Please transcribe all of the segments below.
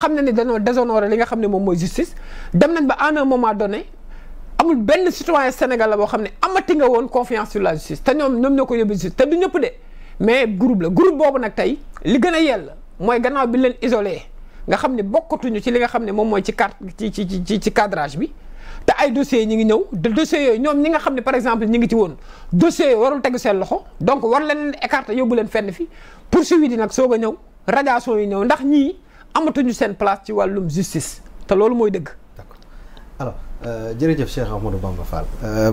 xam na ne dañoo déshonoré li nga xam ne moom mooy justice dem nañ ba à un moment donné amul benn citoyen sénégalais boo xam ne amati nga woon confiance sur la justice te ñoom ñoom ñoo ko yóbbu justice te du ñëpp de mais groupe la groupe boobu nag tey li gën a yell mooy gannaaw bi leen isole nga xam ne bokkatuñu ci li nga xam ne moom mooy ci carte ci ci ci ci cadrage bi te ay dossiers ñi ngi ñëw de yooyu ñoom ñi nga xam ne par exemple ñi ngi ci woon dossiers yooyu warul tegu seen loxo donc war leen écarter yóbbu leen fenn fi poursuivi di nag soog a ñëw radiation yi ñëw ndax ñii amatuñu seen place ci wàllum justice te loolu mooy dëgg. d'accord alors euh, jërëjëf Cheikh Ahmadou Bamba euh,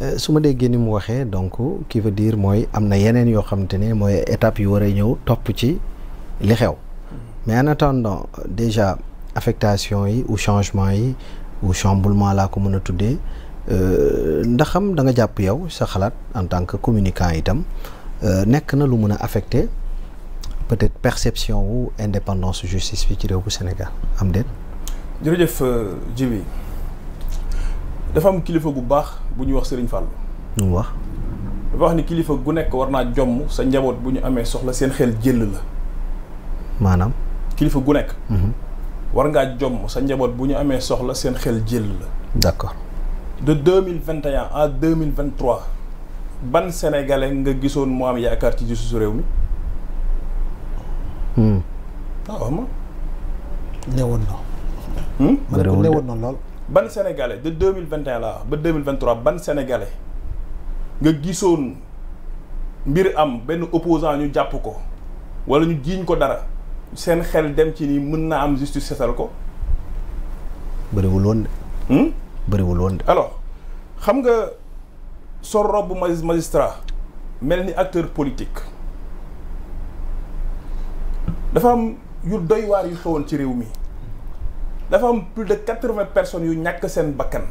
euh, su ma dee ni mu waxee donc qui veut dire mooy am na yeneen yoo xamante ne mooy étape yu war ñëw topp ci li xew. mais en attendant déjà affectation yi ou changement yi ou chamboulement laa ko mën a tuddee ndaxam da nga jàpp yow sa xalaat en tant que communicant itam nekk na lu mën a affecté. peut-être perception wu indépendance justice fii ci réew bu Sénégal am déet. jërëjëf Djibi euh, dafa am kilifa gu baax bu ñuy wax Serigne Fallou. mu wax. dafa wax ni kilifa gu nekk war naa jomm sa njaboot bu ñu amee soxla seen xel jël la. maanaam. kilifa gu nekk. Mhm. war ngaa jomm sa njaboot bu ñu amee soxla seen xel jël la. d'accord de deux mille vingt et à deux mille vingt trois ban sénégalais nga gisoon moo am yaakaar ci justice réew mi. ah wax ma néewoon na. bëriwul hmm? de lool. ban sénégalais de deux mille vingt et la ba deux mille vingt trois ban sénégalais nga gisoon mbir am benn opposant ñu jàpp ko wala ñu jiiñ ko dara seen xel dem ci ni mën na am justice setal ko. bëriwul de. Hmm? bëriwul alors xam nga sor robe magistrat mel ni acteur politique dafa am. yu doy waar yu xewoon ci réew mi dafa am plus de quatre-vingts personnes yu ñàkk seen bakkan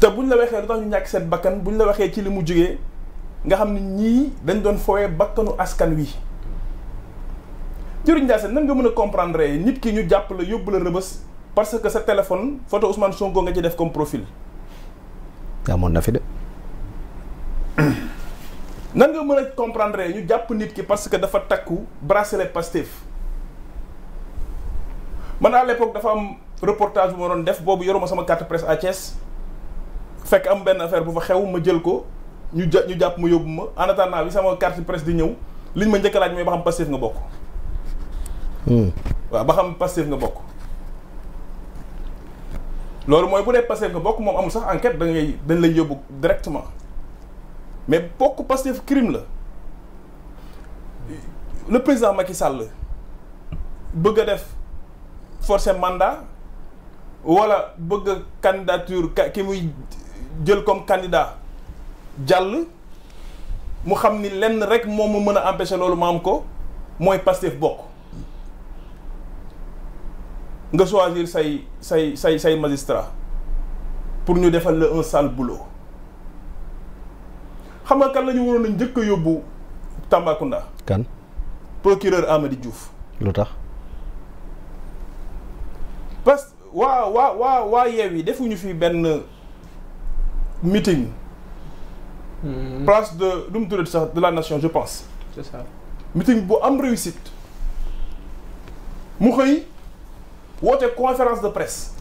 te buñ la waxee lu ñu ñàkk seen bakkan buñ la waxee ci li mu jógee nga xam ni ñii dañ doon fowee bakkanu askan wi jëriñ Ndiassane nan nga mën a comprendre nit ki ñu jàpp la yóbbu la rëbës parce que sa téléphone photo Ousmane Sonko nga ci def comme profil. amoon na fi de. nan nga mën a comprendre ñu jàpp nit ki parce que dafa takku bracelet Pastef man à l'époque dafa am reportage bu ma doon def boobu yoruma sama carte presse à Thiès fekk am benn affaire bu fa xew ma jël ko ñu ja ñu jàpp ma yóbbu ma en attendant bi sama carte presse di ñëw liñ ma njëkk a laaj mooy ba xam Pastef nga bokk. Hmm. ba xam Pastef nga bokk. loolu mooy bu dee Pastef nga bokk moom amul sax enquête da ngay dañ lay yóbbu directement. mais bokk Pastef crime la le président Macky Sall bëgg a def forcé mandat wala bëgg a candidature ki muy jël comme candidat jàll mu xam ni lenn rek moom mu mën a empêcher loolu ma am ko mooy Pastef bokk nga soisir say say say say magistrat pour ñu defal la un sale boulot xam nga kan la ñu waroon njëkk a yóbbu Tambacounda. kan. procureur Amady Diouf. lu tax. parce que waa waa waa waa yeew yi defuñu fi benn meeting. Hmm. place de du mu tuddati sax de la nation je pense. c'est ça. bu am réussite. mu xëy woote conférence de presse.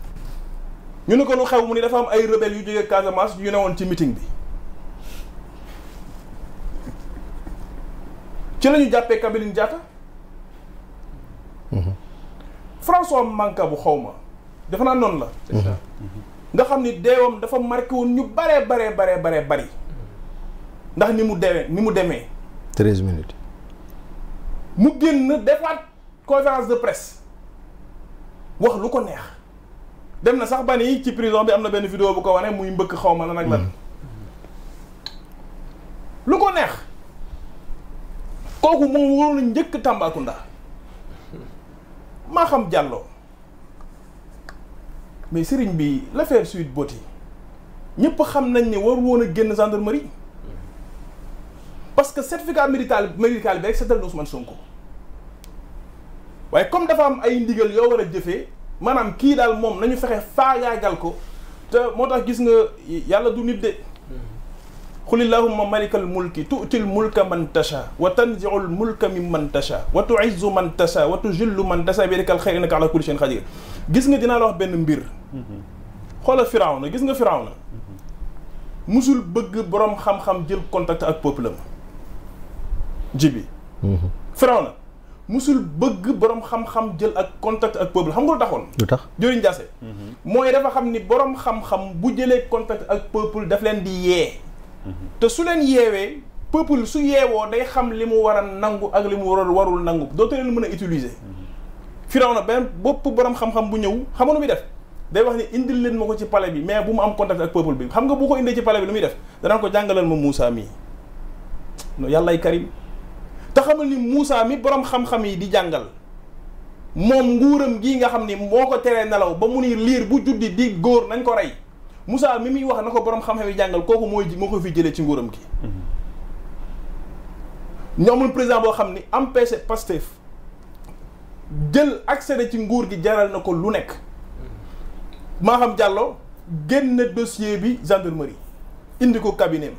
ñu ne ko lu xew mu ni dafa am ay rebelles yu jógee Casamance yu ne woon ci meeting bi. ci la ñu jàppee Kabiline Diatta mhm. François Mancabou xaw ma dafa naa noonu la mhm. nga xam ni deewam dafa marqué woon ñu baree baree baree baree bari ndax ni mu demee ni mu demee treize minutes mu génn defaat conférence de presse wax lu ko neex dem na sax ba ni ci prison bi am na benn vidéo bu ko wanee muy mbëkk xaw ma la nag lan kooku moom waroon na njëkk Tambacounda maa xam Diallo mais sëriñ bi l'affaire Sweet Beauté ñëpp xam nañ ne war woon a génn gendarmerie parce que certificat médical médical bi rek seetal na Ousmane Sonko waaye comme dafa am ay ndigal yoo war a jëfee maanaam kii daal moom nañu fexe faagaagal ko te moo tax gis nga yàlla du nit de. xulillahuma malikal mulki tuutil mulka man tasha wa tanziul mulka mi man tasha wa tuizzu man tasha wa tujillu man tasha bi yadikal xayr innaka ala kulli shay'in qadir gis nga dinaa la wax benn mbir xoolal firawna gis nga firawna musul bëgg borom xam-xam jël contact ak peuple am jibi firawna musul bëgg boroom xam-xam jël ak contact ak peuple xam nga lu taxoon lu tax jëriñ jaase mhm. mooy dafa xam ni borom xam-xam bu jëlee contact ak peuple daf leen di yee te su leen yeewee peuple su yeewoo day xam li mu war a nangu ak li mu warul warul nangu dootu leen mën a utiliser. firaw na benn bopp borom xam-xam bu ñëw xam nga nu muy def day wax ni indil leen ma ko ci palais bi mais bu mu am contact ak peuple bi xam nga bu ko indee ci palais bi def danaa ko jàngalal ma Moussa mii yàllaay karim te xamal ni Moussa mi borom xam-xam yi di jàngal moom nguuram gii nga xam ni moo ko teree nelaw ba mu ni liir bu juddi di góor nañ ko rey. Moussa mi muy wax na ko borom xam-xam yi jàngal kooku mooy moo ko fi jëlee ci nguuram gi ñoomul président boo xam ni am empêché Pastef jël accéder ci nguur gi jaral na ko lu nekk maa xam Diallo génn dossier bi gendarmerie indi ko cabinet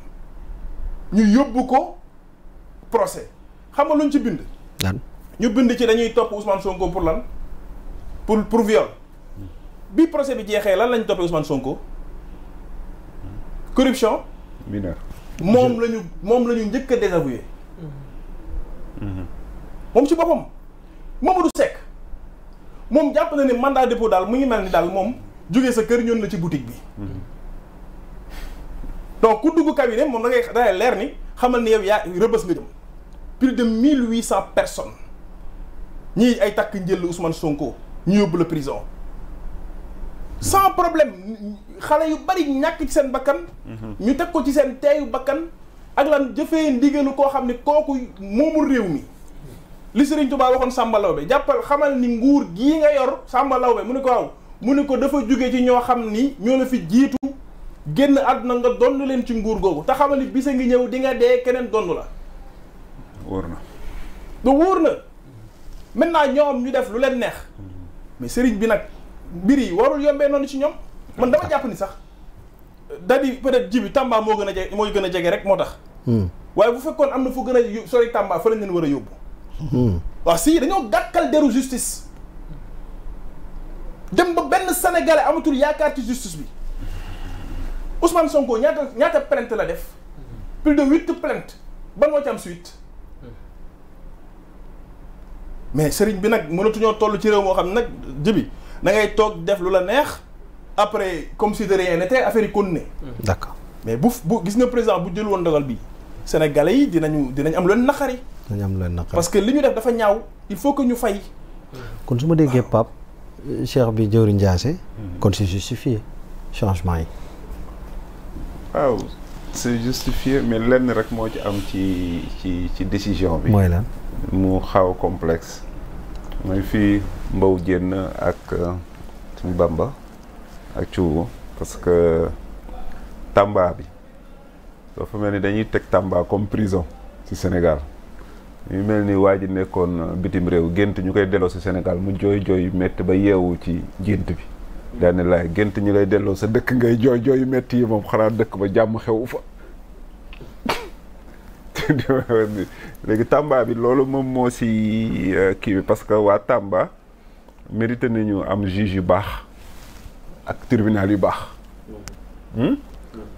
ñu yóbbu ko procès xam nga luñ ci bind ñu bind ci dañuy topp Ousmane Sonko pour lan pour pour viol bi procès bi jeexee lan lañ toppee Ousmane Sonko corruption. mineur moom lañu moom lañu njëkk a désavoué. moom ci boppam Mamadou Seck moom jàpp na ne mandat dépôt daal mu ngi mel ni daal moom jógee sa kër ñoon la ci boutique bi. donc ku dugg cabinet moom da ngay da leer ni xamal ni yow yaa rëbës nga jëm plus de mille huit cent personnes ñii ay takk njël Ousmane Sonko ñu yóbbu la prison. sans problème xale yu bari ñàkk ci seen bakkan. Mhm. ñu teg ko ci seen teeyu bakkan ak lan jëfee ndigalu koo xam ne kooku moomul réew mi. li Serigne Touba waxoon Samba Lawbe jàppal xamal ni nguur gii nga yor Samba Lawbe mu ne ko waaw mu ne ko dafa jóge ci ñoo xam ni ñoo la fi jiitu génn àdduna nga donn leen ci nguur googu te xamal ni bisa ngi ñëw dinga dee keneen donn la. wóor na. te wóor na maintenant ñoom ñu def lu leen neex mhm. mais sëriñ bi nag. mbir yi warul yombee noonu ci ñoom man dama jàpp ni sax da di peut-être ji Tamba moo gën a jege mooy gën a jege rek moo tax hmm. waaye bu fekkoon am na fu gën a sori Tamba fa lañ leen war a yóbbu hmm. waaw si dañoo gàkkal deru justice dem ba benn sénégalais amatul yaakaar ci justice bi Ousmane Sonko ñaata ñaata plainte la def plus de huit plaintes ba moo ci am suite hmm. mais sëriñ bi nag mënatuñoo toll ci réew moo xam nag jibi da ngay toog def lu la neex après comme si de rien n'était affaire kon continuer mm-hmm. d'accord mais bu bu gis nga président bu jël woon dogal bi sénégalais yi dinañu dinañ am leen naqari. dinañ am leen naqari parce que li ñu def dafa ñaaw il faut que ñu fay. Mm-hmm. kon su ma déggee Pape euh, Cheikh bi jëwriñ Ndiassé. Mm-hmm. kon c'est justifié changement yi. waaw c'est justifié mais lenn rek moo ci am ci ci ci décision bi. mooy lan mu xaw complexe. mooy fii Mbow Dieng ak. Euh, suñu Bamba ak Thioub parce que Tamba bi dafa mel ni dañuy teg Tamba comme prison ci Sénégal ñu mel ni waa ji nekkoon euh, bitim réew gént ñu koy delloo si Sénégal mu jooy jooy metti ba yeewu ci gént bi daane laay gént ñu lay delloo sa dëkk ngay jooy jooy metti yi moom xanaa dëkk ba jàmm xewu fa léegi Tamba bi loolu moom moo si euh, kii bi parce que waa Tamba na nañu am juge yu baax ak tribunal yu baax. Hmm?